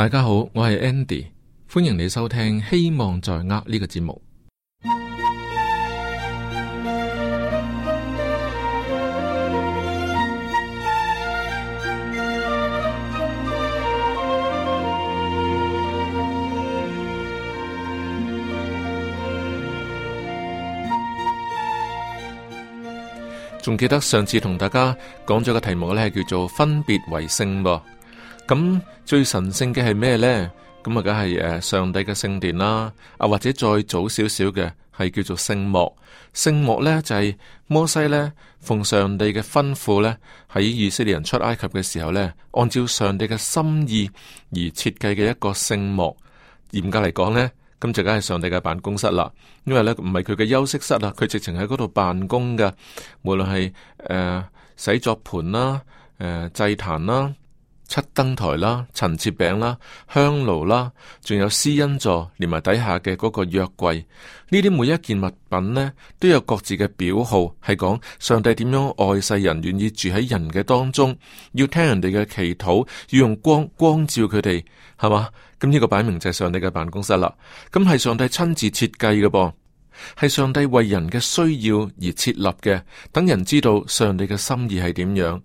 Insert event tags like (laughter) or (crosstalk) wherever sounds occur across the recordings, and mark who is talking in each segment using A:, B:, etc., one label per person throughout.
A: 大家好，我係 Andy，歡迎你收聽《希望在握》呢個節目。仲記得上次同大家講咗個題目呢，叫做分別為勝咯。咁最神聖嘅係咩呢？咁啊，梗係誒上帝嘅聖殿啦，啊或者再早少少嘅係叫做聖幕。聖幕呢就係、是、摩西呢奉上帝嘅吩咐呢，喺以色列人出埃及嘅時候呢，按照上帝嘅心意而設計嘅一個聖幕。嚴格嚟講呢，咁就梗係上帝嘅辦公室啦，因為呢唔係佢嘅休息室、呃、啊，佢直情喺嗰度辦公噶。無論係誒洗作盤啦，誒祭壇啦，七燈臺啦、陳設餅啦、香爐啦，仲有施恩座，連埋底下嘅嗰個約櫃，呢啲每一件物品呢，都有各自嘅表號，係講上帝點樣愛世人，願意住喺人嘅當中，要聽人哋嘅祈禱，要用光光照佢哋，係嘛？咁呢個擺明就係上帝嘅辦公室啦，咁係上帝親自設計嘅噃，係上帝為人嘅需要而設立嘅，等人知道上帝嘅心意係點樣。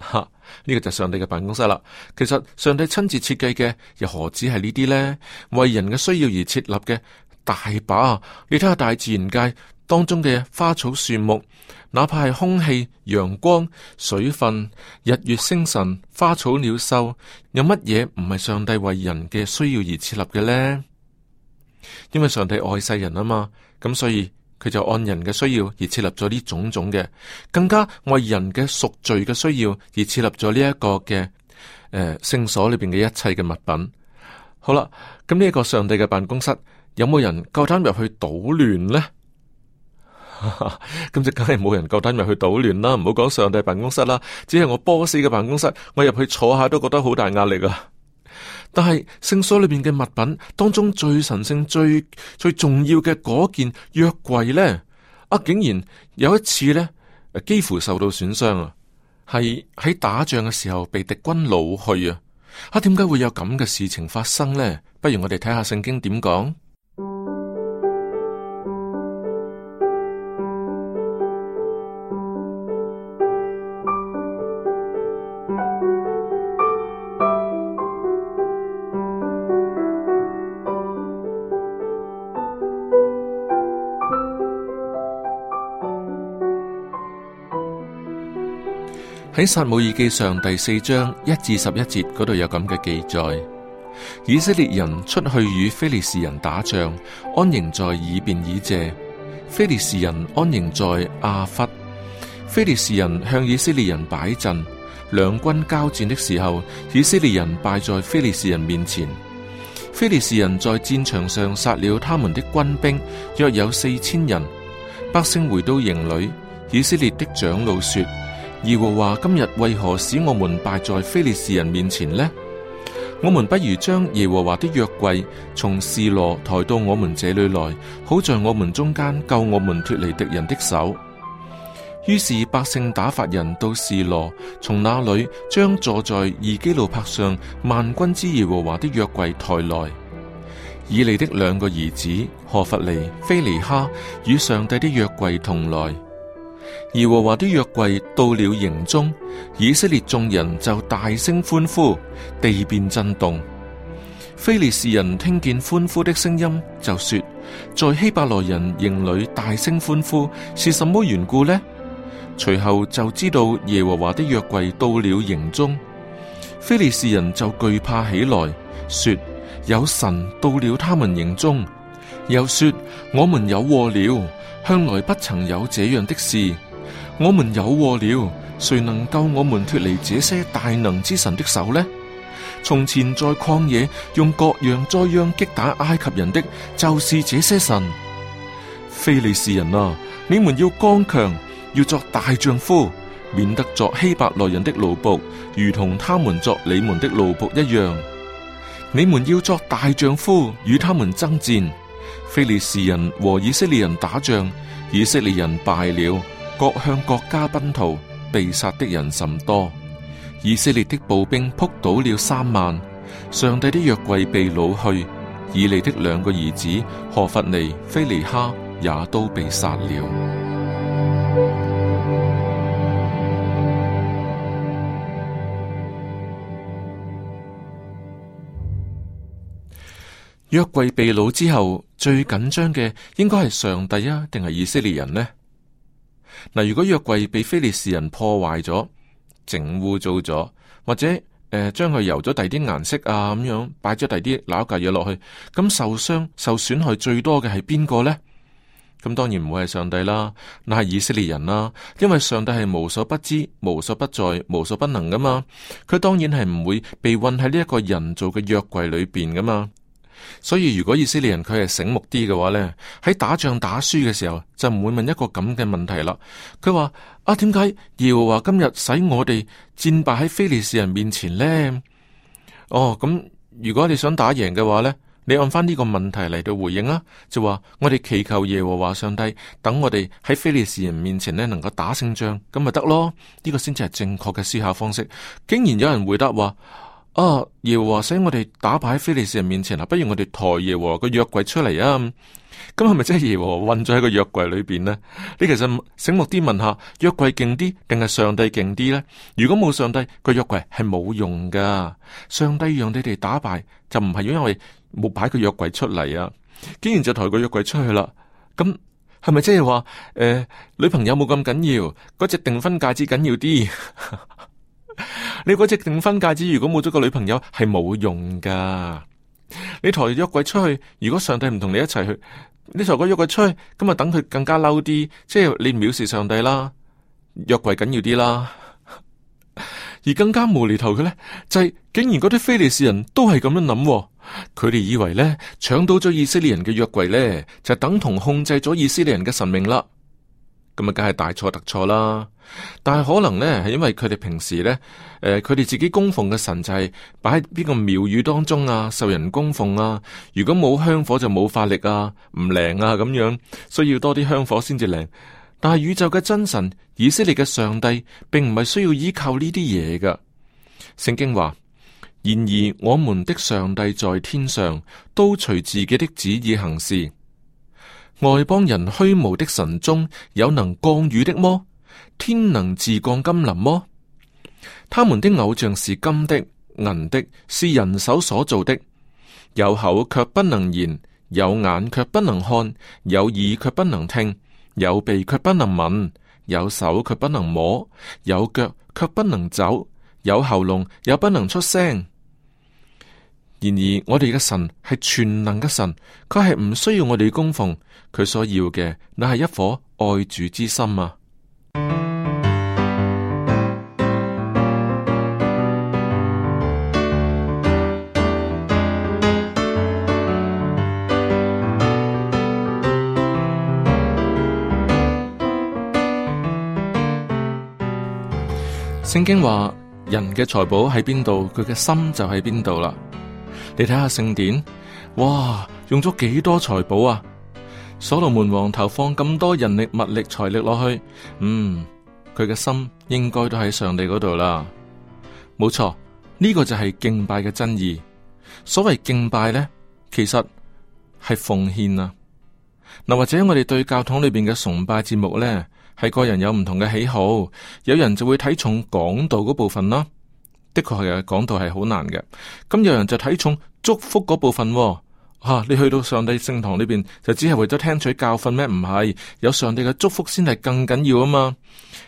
A: 吓，呢個就上帝嘅辦公室啦。其實上帝親自設計嘅，又何止係呢啲呢？為人嘅需要而設立嘅大把。你睇下大自然界當中嘅花草樹木，哪怕係空氣、陽光、水分、日月星辰、花草鳥獸，有乜嘢唔係上帝為人嘅需要而設立嘅呢？因為上帝愛世人啊嘛，咁所以。佢就按人嘅需要而設立咗呢種種嘅，更加為人嘅贖罪嘅需要而設立咗呢一個嘅，誒、呃，聖所裏邊嘅一切嘅物品。好啦，咁呢一個上帝嘅辦公室有冇人夠膽入去搗亂呢？咁 (laughs) 就梗係冇人夠膽入去搗亂啦，唔好講上帝辦公室啦，只係我波士嘅辦公室，我入去坐下都覺得好大壓力啊！但係聖所裏邊嘅物品當中最神聖、最最重要嘅嗰件約櫃呢，啊竟然有一次呢，幾乎受到損傷啊，係喺打仗嘅時候被敵軍擄去啊！啊，點解會有咁嘅事情發生呢？不如我哋睇下聖經點講。喺《撒母耳記上》上第四章一至十一節嗰度有咁嘅記載：以色列人出去與非利士人打仗，安營在以便以謝；非利士人安營在亞弗；非利士人向以色列人擺陣，兩軍交戰的時候，以色列人敗在非利士人面前。非利士人在戰場上殺了他們的軍兵，約有四千人。百姓回到營裏，以色列的長老說。耶和華今日為何使我們敗在非利士人面前呢？我們不如將耶和華的約櫃從示羅抬到我們這裏來，好在我們中間救我們脫離敵人的手。於是百姓打發人到示羅，從那裏將坐在二基路柏上萬軍之耶和華的約櫃抬來，以利的兩個兒子何弗尼、非尼哈與上帝的約櫃同來。耶和華的約櫃到了營中，以色列眾人就大聲歡呼，地便震動。非利士人聽見歡呼的聲音，就說：在希伯來人營裏大聲歡呼，是什麼緣故呢？隨後就知道耶和華的約櫃到了營中，非利士人就懼怕起來，說：有神到了他們營中。又說我們有禍了，向來不曾有這樣的事。我們有禍了，誰能救我們脱離這些大能之神的手呢？從前在曠野用各樣災殃擊打埃及人的，就是這些神。非利士人啊，你們要剛強，要作大丈夫，免得作希伯來人的奴僕，如同他們作你們的奴僕一樣。你們要作大丈夫，與他們爭戰。非利士人和以色列人打仗，以色列人敗了，各向各家奔逃，被殺的人甚多。以色列的步兵撲倒了三萬，上帝的約櫃被擄去，以利的兩個兒子何弗尼、非尼哈也都被殺了。約櫃被擄之後，最緊張嘅應該係上帝啊，定係以色列人呢？嗱，如果約櫃被非利士人破壞咗，整污糟咗，或者誒將佢油咗第啲顏色啊咁樣，擺咗第啲垃圾嘢落去，咁受傷、受損害最多嘅係邊個呢？咁當然唔會係上帝啦，嗱係以色列人啦，因為上帝係無所不知、無所不在、無所不能噶嘛，佢當然係唔會被困喺呢一個人造嘅約櫃裏邊噶嘛。所以如果以色列人佢係醒目啲嘅話呢，喺打仗打輸嘅時候就唔會問一個咁嘅問題啦。佢話啊，點解耶和華今日使我哋戰敗喺非利士人面前呢？哦咁，如果你想打贏嘅話呢，你按翻呢個問題嚟到回應啊，就話我哋祈求耶和華上帝，等我哋喺非利士人面前呢能夠打勝仗，咁咪得咯？呢個先至係正確嘅思考方式。竟然有人回答話。啊！耶和華使我哋打敗喺非利士人面前啊，不如我哋抬耶和華個約櫃出嚟啊！咁係咪真係耶和華困咗喺個約櫃裏邊呢？你其實醒目啲問下，約櫃勁啲定係上帝勁勁啲呢？如果冇上帝，那個約櫃係冇用噶。上帝讓你哋打敗就唔係因為我哋冇擺個約櫃出嚟啊！竟然就抬個約櫃出去啦，咁係咪即係話誒，女朋友冇咁緊要，嗰隻訂婚戒指緊要啲？ (laughs) 你嗰隻訂婚戒指如果冇咗個女朋友係冇用噶，你抬咗約櫃出去，如果上帝唔同你一齊去，你抬個約櫃出去，咁啊等佢更加嬲啲，即係你藐視上帝啦，約櫃緊要啲啦，而更加無厘頭嘅咧就係、是、竟然，嗰啲非利士人都係咁樣諗、哦，佢哋以為咧搶到咗以色列人嘅約櫃咧，就等同控制咗以色列人嘅神命啦。咁啊，梗係大錯特錯啦！但係可能呢，係因為佢哋平時呢，誒、呃，佢哋自己供奉嘅神就係擺喺邊個廟宇當中啊，受人供奉啊。如果冇香火就冇法力啊，唔靈啊咁樣，需要多啲香火先至靈。但係宇宙嘅真神，以色列嘅上帝，並唔係需要依靠呢啲嘢㗎。聖經話，然而我們的上帝在天上，都隨自己的旨意行事。外邦人虛無的神中，有能降雨的麼？天能自降甘霖麼？他們的偶像，是金的、銀的，是人手所造的，有口卻不能言，有眼卻不能看，有耳卻不能聽，有鼻卻不能聞，有手卻不能摸，有腳卻不能走，有喉嚨也不能出聲。然而，我哋嘅神係全能嘅神，佢係唔需要我哋供奉，佢所要嘅乃係一顆愛主之心啊！聖 (music) 經話：人嘅財寶喺邊度，佢嘅心就喺邊度啦。你睇下聖殿，哇，用咗幾多財寶啊！所羅門王投放咁多人力、物力、財力落去，嗯，佢嘅心應該都喺上帝嗰度啦。冇錯，呢個就係敬拜嘅真義。所謂敬拜呢，其實係奉獻啊。嗱，或者我哋對教堂裏邊嘅崇拜節目呢，係個人有唔同嘅喜好，有人就會睇重講道嗰部分啦。的確係嘅，講道係好難嘅。咁有人就睇重祝福嗰部分，哦、吓、啊，你去到上帝聖堂裏面就只係為咗聽取教訓咩？唔係有上帝嘅祝福先係更緊要啊嘛。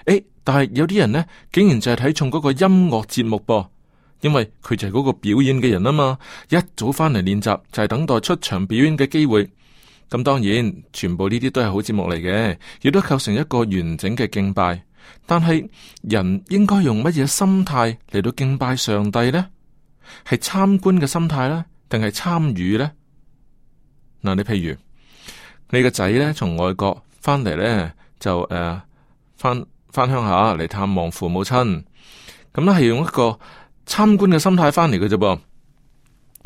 A: 欸、但係有啲人呢，竟然就係睇重嗰個音樂節目噃，因為佢就係嗰個表演嘅人啊嘛。一早翻嚟練習就係、是、等待出場表演嘅機會。咁當然，全部呢啲都係好節目嚟嘅，亦都構成一個完整嘅敬拜。但係人應該用乜嘢心態嚟到敬拜上帝呢？係參觀嘅心態呢？定係參與呢？嗱、啊，你譬如你個仔咧，從外國翻嚟咧，就誒，翻翻鄉下嚟探望父母親，咁咧係用一個參觀嘅心態翻嚟嘅啫噃。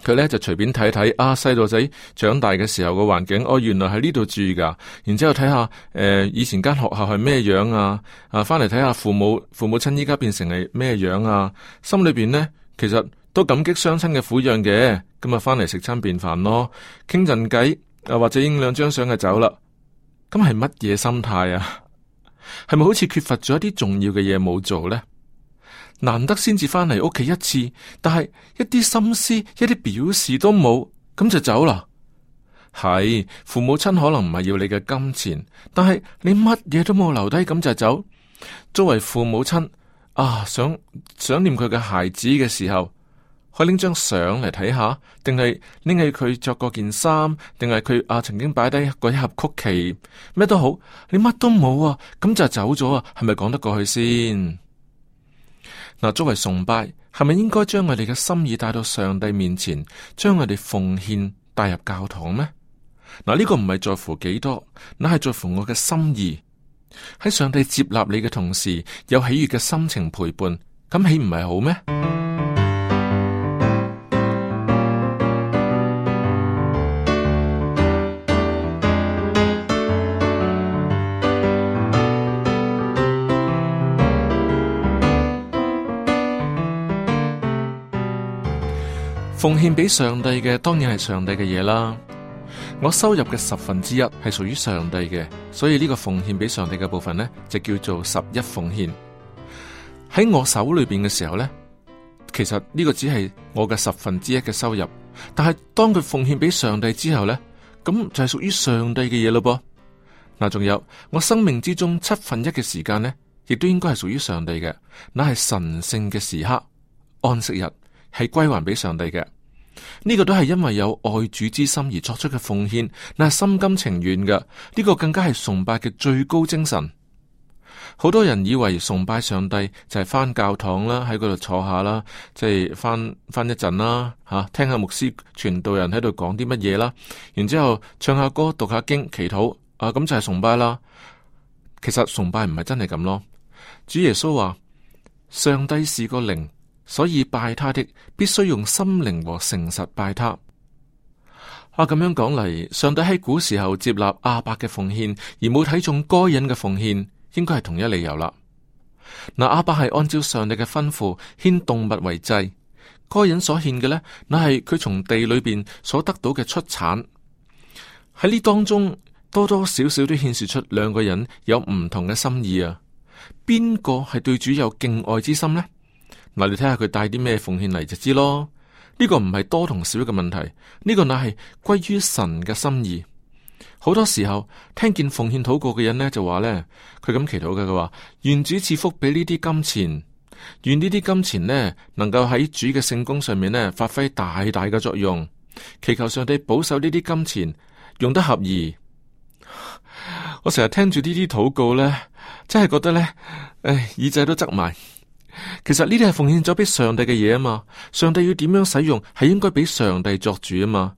A: 佢咧就隨便睇睇，啊細路仔長大嘅時候個環境，哦，原來喺呢度住噶，然之後睇下誒以前間學校係咩樣啊，啊，翻嚟睇下父母父母親依家變成係咩樣啊，心裏邊呢，其實都感激雙親嘅撫養嘅，咁啊翻嚟食餐便飯咯，傾陣偈，啊或者影兩張相就走啦，咁係乜嘢心態啊？係咪好似缺乏咗一啲重要嘅嘢冇做呢？難得先至翻嚟屋企一次，但係一啲心思，一啲表示都冇，咁就走啦。係，父母親可能唔係要你嘅金錢，但係你乜嘢都冇留低，咁就走。作為父母親，啊，想想念佢嘅孩子嘅時候，可以拎張相嚟睇下，定係拎起佢着過件衫，定係佢啊曾經擺低嗰一盒曲奇，咩都好，你乜都冇啊，咁就走咗啊，係咪講得過去先？嗱，作為崇拜，係咪應該將我哋嘅心意帶到上帝面前，將我哋奉獻帶入教堂咩？嗱，呢個唔係在乎幾多，那係在乎我嘅心意。喺上帝接納你嘅同時，有喜悅嘅心情陪伴，咁豈唔係好咩？奉獻俾上帝嘅，當然係上帝嘅嘢啦。我收入嘅十分之一係屬於上帝嘅，所以呢個奉獻俾上帝嘅部分呢，就叫做十一奉獻。喺我手裏邊嘅時候呢，其實呢個只係我嘅十分之一嘅收入，但係當佢奉獻俾上帝之後呢，咁就係屬於上帝嘅嘢咯。噃，嗱，仲有我生命之中七分一嘅時間呢，亦都應該係屬於上帝嘅，嗱，係神聖嘅時刻，安息日。係歸還俾上帝嘅，呢個都係因為有愛主之心而作出嘅奉獻，嗱，心甘情願嘅，呢個更加係崇拜嘅最高精神。好多人以為崇拜上帝就係翻教堂啦，喺嗰度坐下啦，即係翻翻一陣啦，吓，啊，聽下牧師傳道人喺度講啲乜嘢啦，然之後唱下歌、讀下經、祈禱，啊，咁就係崇拜啦。其實崇拜唔係真係咁咯，主耶穌話：上帝是個靈。所以拜他的必須用心靈和誠實拜他。阿、啊、咁樣講嚟，上帝喺古時候接納阿伯嘅奉獻，而冇睇中該隱嘅奉獻，應該係同一理由啦。嗱，阿伯係按照上帝嘅吩咐，牽動物為祭，該隱所獻嘅咧，乃係佢從地裏邊所得到嘅出產。喺呢當中，多多少少都顯示出兩個人有唔同嘅心意啊。邊個係對主有敬愛之心咧？嗱，你睇下佢帶啲咩奉獻嚟，就知咯。呢個唔係多同少嘅問題，呢個乃係歸於神嘅心意。好多時候聽見奉獻禱告嘅人呢，就話呢，佢咁祈禱嘅，佢話，願主賜福俾呢啲金錢，願呢啲金錢呢能夠喺主嘅聖功上面咧發揮大大嘅作用，祈求上帝保守呢啲金錢用得合宜。我成日聽住呢啲禱告呢，真係覺得呢，唉，耳仔都執埋。其實呢啲係奉獻咗俾上帝嘅嘢啊嘛，上帝要點樣使用係應該俾上帝作主啊嘛。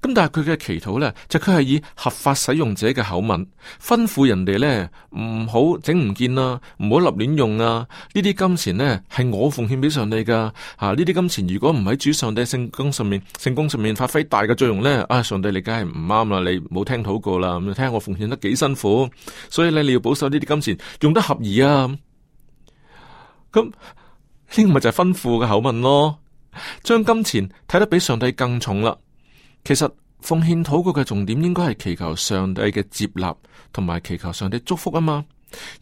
A: 咁但係佢嘅祈禱呢，就佢、是、係以合法使用者嘅口吻吩咐人哋呢唔好整唔見啦、啊，唔好立亂用啊。呢啲金錢呢，係我奉獻俾上帝噶吓，呢、啊、啲金錢如果唔喺主上帝聖工上面聖工上面發揮大嘅作用呢，啊上帝你梗係唔啱啦，你冇聽到過啦，咁聽下我奉獻得幾辛苦，所以你你要保守呢啲金錢用得合宜啊。咁呢個咪就係吩咐嘅口吻咯，將金錢睇得比上帝更重啦。其實奉獻禱告嘅重點應該係祈求上帝嘅接納，同埋祈求上帝祝福啊嘛。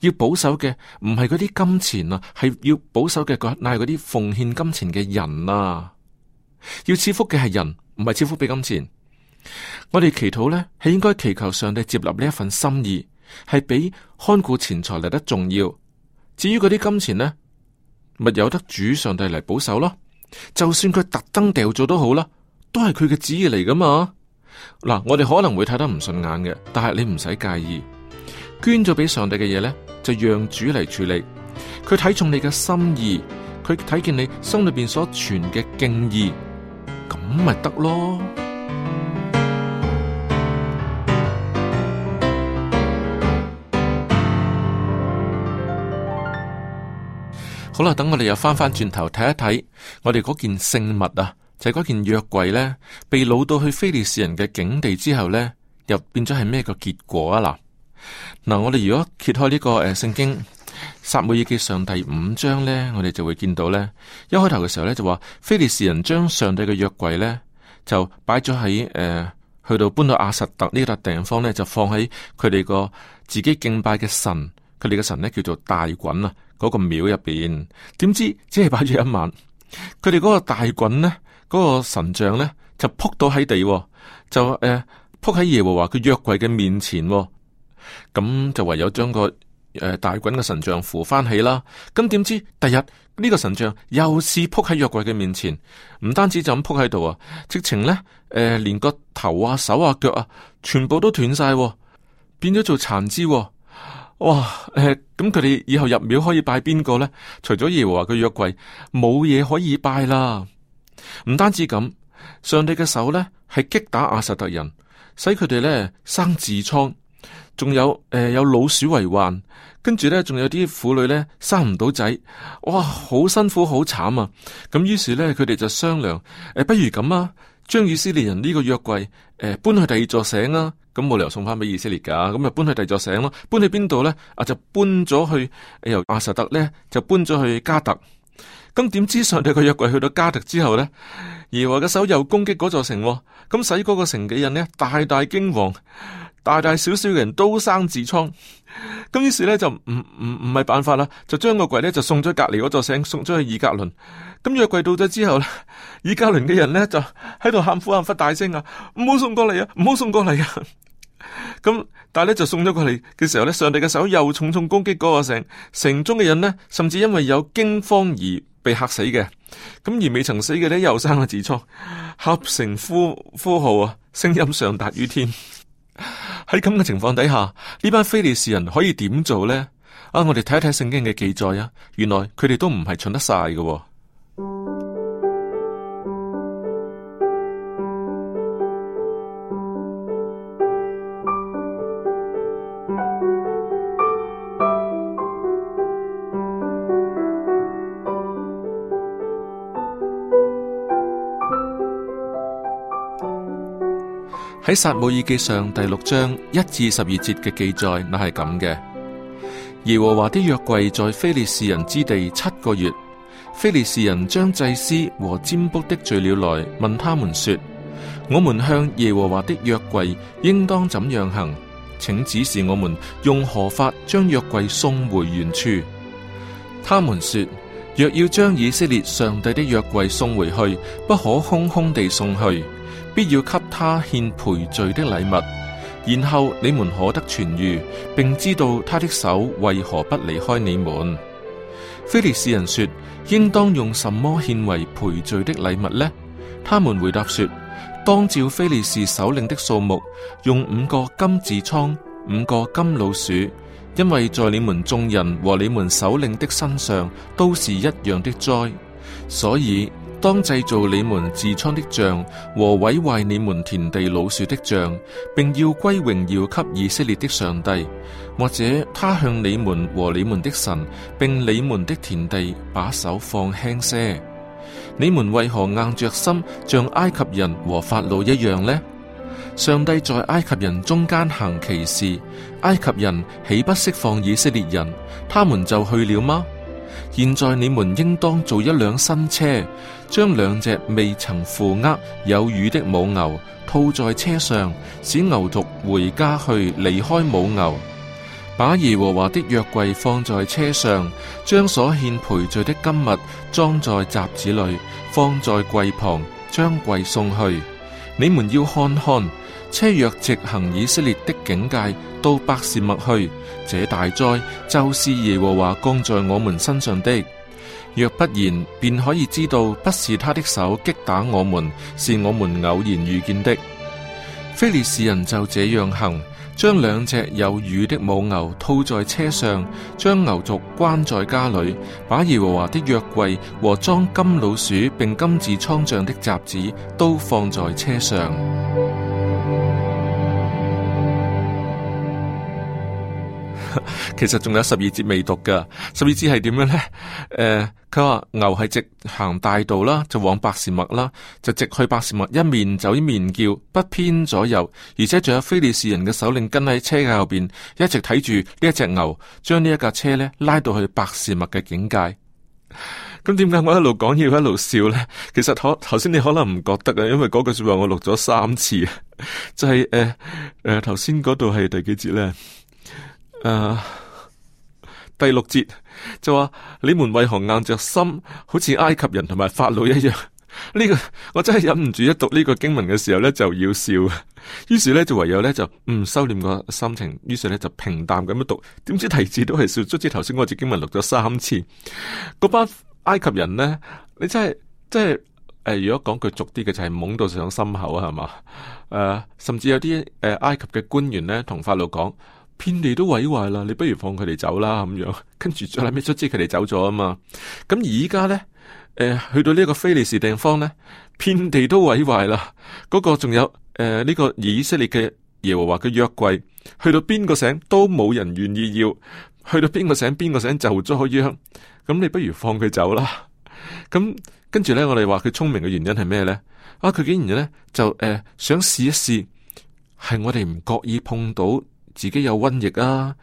A: 要保守嘅唔係嗰啲金錢啊，係要保守嘅嗰拉啲奉獻金錢嘅人啊。要賜福嘅係人，唔係賜福俾金錢。我哋祈禱呢係應該祈求上帝接納呢一份心意，係比看顧錢財嚟得重要。至於嗰啲金錢呢？咪有得主上帝嚟保守咯，就算佢特登掉咗都好啦，都係佢嘅旨意嚟噶嘛。嗱，我哋可能會睇得唔順眼嘅，但係你唔使介意，捐咗俾上帝嘅嘢咧，就讓主嚟處理。佢睇重你嘅心意，佢睇見你心裏面所存嘅敬意，咁咪得咯。好啦，等我哋又翻翻轉頭睇一睇，我哋嗰件聖物啊，就係、是、嗰件約櫃呢，被擄到去非利士人嘅境地之後呢，又變咗係咩個結果啊？嗱，嗱，我哋如果揭開呢、這個誒聖、呃、經撒母耳記上第五章呢，我哋就會見到呢。一開頭嘅時候呢，就話，非利士人將上帝嘅約櫃呢，就擺咗喺誒，去到搬到亞實突呢笪地方呢，就放喺佢哋個自己敬拜嘅神，佢哋嘅神呢，叫做大衮啊。嗰個廟入邊，點知只係擺住一晚，佢哋嗰個大衮呢，嗰、那個神像呢，就仆倒喺地，就誒仆喺耶和華佢約櫃嘅面前，咁、哦、就唯有將個誒、呃、大衮嘅神像扶翻起啦。咁點知第日呢、這個神像又是仆喺約櫃嘅面前，唔單止就咁仆喺度啊，直情呢，誒、呃、連個頭啊、手啊、腳啊全部都斷晒，變咗做殘肢、哦。哇！誒、欸，咁佢哋以後入廟可以拜邊個呢？除咗耶和華嘅約櫃，冇嘢可以拜啦。唔單止咁，上帝嘅手呢係擊打亞實特人，使佢哋呢生痔瘡，仲有誒、欸、有老鼠為患，跟住呢，仲有啲婦女呢，生唔到仔，哇！好辛苦，好慘啊！咁於是呢，佢哋就商量，誒、欸，不如咁啊！將以色列人呢個約櫃，誒搬去第二座城啦，咁冇理由送翻俾以色列噶，咁咪搬去第二座城咯，搬去邊度咧？啊，就搬咗去由亞實特咧，就搬咗去，去加特。咁點知上帝個約櫃去到加特之後咧，耶和華嘅手又攻擊嗰座城，咁使嗰個城嘅人呢，大大驚惶。大大小小嘅人都生痔瘡，咁於是咧就唔唔唔係辦法啦，就將個櫃咧就送咗隔籬嗰座城，送咗去以革倫。咁約櫃到咗之後咧，以革倫嘅人咧就喺度喊苦喊忽大聲啊！唔好送過嚟啊！唔好送過嚟啊！咁但係咧就送咗過嚟嘅時候咧，上帝嘅手又重重攻擊嗰個城，城中嘅人呢，甚至因為有驚慌而被嚇死嘅，咁而未曾死嘅咧又生個痔瘡，合城呼呼號啊，聲音上達於天。喺咁嘅情況底下，呢班非利士人可以點做咧？啊，我哋睇一睇聖經嘅記載啊，原來佢哋都唔係蠢得晒嘅。喺《撒母耳記》上第六章一至十二節嘅記載，那係咁嘅。耶和華的約櫃在非利士人之地七個月，非利士人將祭司和占卜的聚了來，問他們說：我們向耶和華的約櫃應當怎樣行？請指示我們用何法將約櫃送回原處。他們說：若要將以色列上帝的約櫃送回去，不可空空地送去。必要給他獻賠罪的禮物，然後你們可得痊愈，並知道他的手為何不離開你們。非利士人說，應當用什麼獻為賠罪的禮物呢？他們回答說，當照非利士首領的數目，用五個金痔瘡、五個金老鼠，因為在你們眾人和你們首領的身上都是一樣的災，所以，當製造你們痔瘡的像和毀壞你們田地老鼠的像，並要歸榮耀給以色列的上帝，或者他向你們和你們的神，並你們的田地，把手放輕些。你們為何硬着心，像埃及人和法老一樣呢？上帝在埃及人中間行奇事，埃及人豈不釋放以色列人，他們就去了嗎？現在你們應當做一輛新車，將兩隻未曾負軛有乳的母牛套在車上，使牛犢回家去，離開母牛。把耶和華的約櫃放在車上，將所獻賠罪的金物裝在匣子裏，放在櫃旁，將櫃送去。你們要看看。車若直行以色列的境界到伯示麥去，這大災就是耶和華降在我們身上的。若不然，便可以知道不是他的手擊打我們，是我們偶然遇見的。菲利士人就這樣行，將兩隻有乳的母牛套在車上，將牛族關在家裏，把耶和華的約櫃和裝金老鼠並金痔瘡像的匣子都放在車上。其實仲有十二節未讀嘅，十二節係點樣呢？誒、呃，佢話牛係直行大道啦，就往伯示麥啦，就直去伯示麥，一面走一面叫，不偏左右，而且仲有非利士人嘅首領跟喺車架後邊，一直睇住呢一隻牛，將呢一架車呢拉到去伯示麥嘅境界。咁點解我一路講嘢一路笑呢？其實可頭先你可能唔覺得啊，因為嗰句說話我錄咗三次，就係誒誒，頭先嗰度係第幾節呢？誒、呃。第六節就話：你們為何硬着心，好似埃及人同埋法老一樣？呢、這個我真係忍唔住一讀呢個經文嘅時候呢，就要笑。於是呢，就唯有呢，就唔收斂個心情，於是呢，就平淡咁樣讀。點知題字都係笑。卒之頭先我隻經文錄咗三次，嗰班埃及人呢，你真係真係誒、呃！如果講句俗啲嘅，就係、是、懵到上心口係嘛誒，甚至有啲誒、呃、埃及嘅官員呢，同法老講。遍地都毀壞啦，你不如放佢哋走啦，咁樣跟住再諗咩出招，佢哋走咗啊嘛。咁而家咧，誒、呃，去到呢個非利士地方咧，遍地都毀壞啦。嗰、那個仲有誒，呢、呃這個以色列嘅耶和華嘅約櫃，去到邊個省都冇人願意要，去到邊個省邊個省就咗約。咁你不如放佢走啦。咁跟住咧，我哋話佢聰明嘅原因係咩咧？啊，佢竟然咧就誒、呃、想試一試，係我哋唔覺意碰到。自己有瘟疫啊，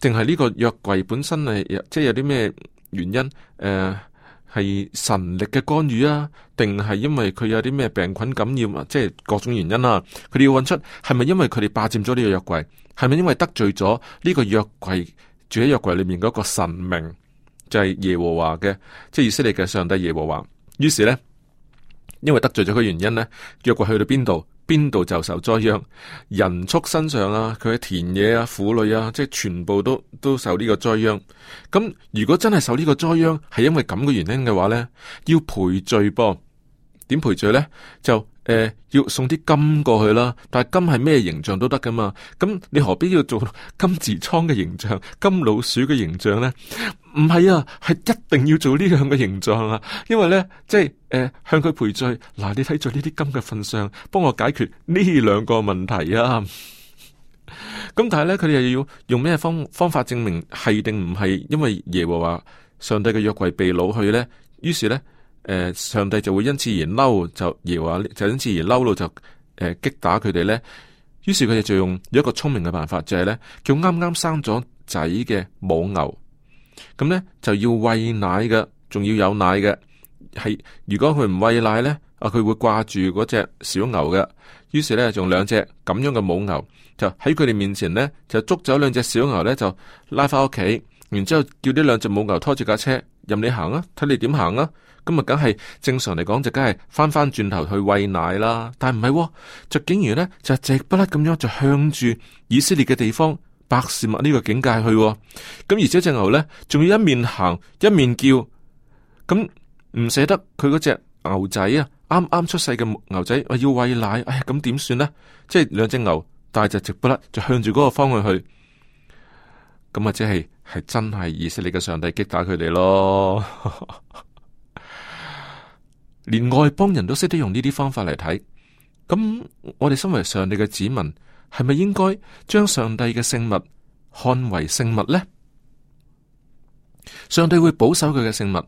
A: 定係呢個約櫃本身誒，即係有啲咩原因？誒、呃，係神力嘅干預啊，定係因為佢有啲咩病菌感染啊？即係各種原因啊，佢哋要揾出係咪因為佢哋霸佔咗呢個約櫃？係咪因為得罪咗呢個約櫃住喺約櫃裏面嗰個神明，就係、是、耶和華嘅，即係以色列嘅上帝耶和華？於是咧。因為得罪咗佢原因呢，若佢去到邊度，邊度就受災殃。人畜身上啊，佢喺田野啊、苦累啊，即係全部都都受呢個災殃。咁如果真係受呢個災殃，係因為咁嘅原因嘅話呢，要賠罪噃。點賠罪呢？就誒、呃，要送啲金過去啦。但係金係咩形象都得噶嘛？咁你何必要做金痔瘡嘅形象、金老鼠嘅形象呢？唔係啊，係一定要做呢兩個形象啊！因為呢，即係、呃、向佢賠罪。嗱、呃，你睇住呢啲金嘅份上，幫我解決呢兩個問題啊！咁 (laughs) 但係呢，佢哋又要用咩方方法證明係定唔係？因為耶和華上帝嘅約櫃被擄去呢？於是呢。誒、呃、上帝就會因此而嬲，就而話就因此而嬲咯，就誒擊、呃、打佢哋咧。於是佢哋就用一個聰明嘅辦法，就係、是、咧叫啱啱生咗仔嘅母牛咁咧，就要餵奶嘅，仲要有奶嘅係。如果佢唔餵奶咧，啊佢會掛住嗰隻小牛嘅。於是咧，就用兩隻咁樣嘅母牛就喺佢哋面前咧，就捉走兩隻小牛咧，就拉翻屋企。然之後叫呢兩隻母牛拖住架車，任你行啊，睇你點行啊。咁啊，梗係正常嚟講就梗係翻翻轉頭去喂奶啦。但係唔係，就竟然呢，就直不甩咁樣就向住以色列嘅地方，伯示麥呢個境界去喔。咁而且隻牛呢，仲要一面行一面叫，咁唔捨得佢嗰隻牛仔啊，啱啱出世嘅牛仔，話要喂奶。哎呀，咁點算呢？即係兩隻牛，但係直不甩就向住嗰個方向去。咁啊，即係係真係以色列嘅上帝擊打佢哋咯。 (laughs) 連外邦人都識得用呢啲方法嚟睇，咁我哋身為上帝嘅子民，係咪應該將上帝嘅聖物看為聖物呢？上帝會保守佢嘅聖物，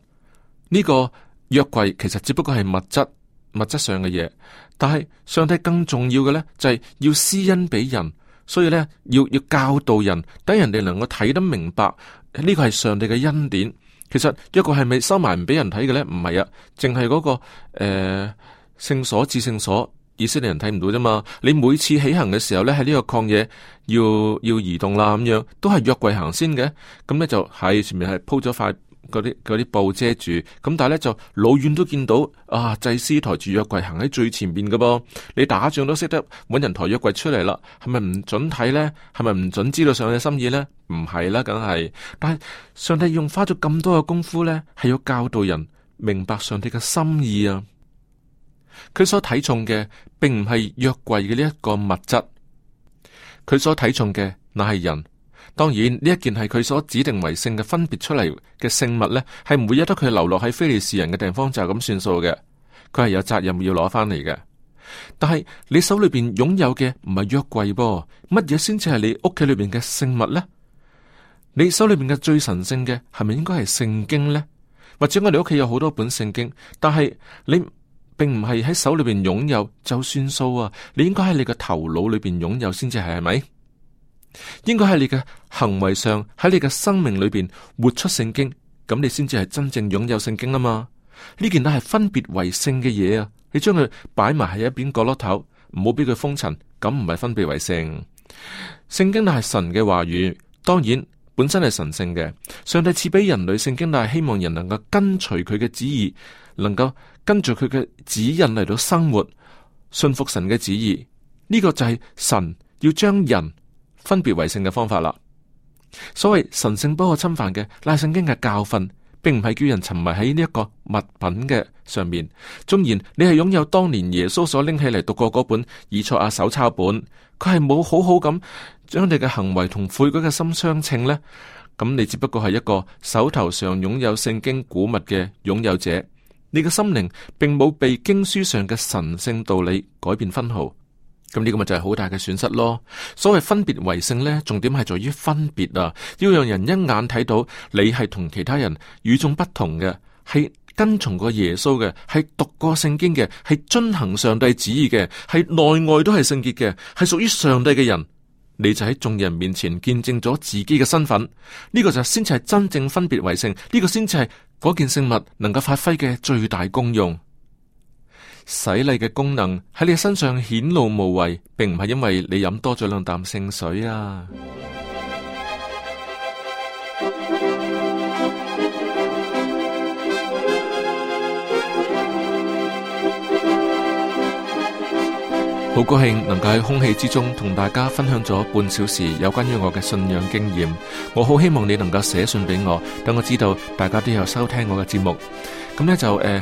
A: 呢個約櫃其實只不過係物質、物質上嘅嘢，但係上帝更重要嘅呢，就係要施恩俾人，所以呢，要要教導人，等人哋能夠睇得明白呢個係上帝嘅恩典。其實一個係咪收埋唔俾人睇嘅咧？唔係啊，淨係嗰個誒聖所至聖所，以色列人睇唔到啫嘛。你每次起行嘅時候咧，喺呢個曠野要要移動啦，咁樣都係約櫃行先嘅。咁咧就喺前面係鋪咗塊。嗰啲啲布遮住，咁但係咧就老遠都見到啊！祭司抬住約櫃行喺最前面嘅噃，你打仗都識得搵人抬約櫃出嚟啦，係咪唔准睇呢？係咪唔准知道上帝嘅心意呢？唔係啦，梗係。但係上帝用花咗咁多嘅功夫呢，係要教導人明白上帝嘅心意啊！佢所睇重嘅並唔係約櫃嘅呢一個物質，佢所睇重嘅乃係人。當然呢一件係佢所指定為聖嘅分別出嚟嘅聖物呢，係唔會因得佢流落喺非利士人嘅地方就咁算數嘅。佢係有責任要攞翻嚟嘅。但係你手裏邊擁有嘅唔係約櫃噃，乜嘢先至係你屋企裏邊嘅聖物呢？你手裏邊嘅最神聖嘅係咪應該係聖經呢？或者我哋屋企有好多本聖經，但係你並唔係喺手裏邊擁有就算數啊！你應該喺你嘅頭腦裏邊擁有先至係，係咪？應該喺你嘅行為上，喺你嘅生命裏邊活出聖經，咁你先至係真正擁有聖經啊嘛。呢件都係分別為聖嘅嘢啊，你將佢擺埋喺一邊角落頭，唔好俾佢封塵，咁唔係分別為聖。聖經都係神嘅話語，當然本身係神聖嘅。上帝賜俾人類聖經，但係希望人能夠跟隨佢嘅旨意，能夠跟住佢嘅指引嚟到生活，信服神嘅旨意。呢個就係神要將人。分別為聖嘅方法啦。所謂神聖不可侵犯嘅乃聖經嘅教訓，並唔係叫人沉迷喺呢一個物品嘅上面。縱然你係擁有當年耶穌所拎起嚟讀過嗰本以賽亞手抄本，佢係冇好好咁將你嘅行為同悔改嘅心相稱呢，咁你只不過係一個手頭上擁有聖經古物嘅擁有者，你嘅心靈並冇被經書上嘅神聖道理改變分毫。咁呢個咪就係好大嘅損失咯。所謂分別為聖呢，重點係在於分別啊，要讓人一眼睇到你係同其他人與眾不同嘅，係跟從過耶穌嘅，係讀過聖經嘅，係遵行上帝旨意嘅，係內外都係聖潔嘅，係屬於上帝嘅人。你就喺眾人面前見證咗自己嘅身份，呢、這個就先至係真正分別為聖，呢、這個先至係嗰件聖物能夠發揮嘅最大功用。洗禮嘅功能喺你身上顯露無遺，並唔係因為你飲多咗兩啖聖水啊！好高興能夠喺空氣之中同大家分享咗半小時有關於我嘅信仰經驗。我好希望你能夠寫信俾我，等我知道大家都有收聽我嘅節目。咁呢就誒。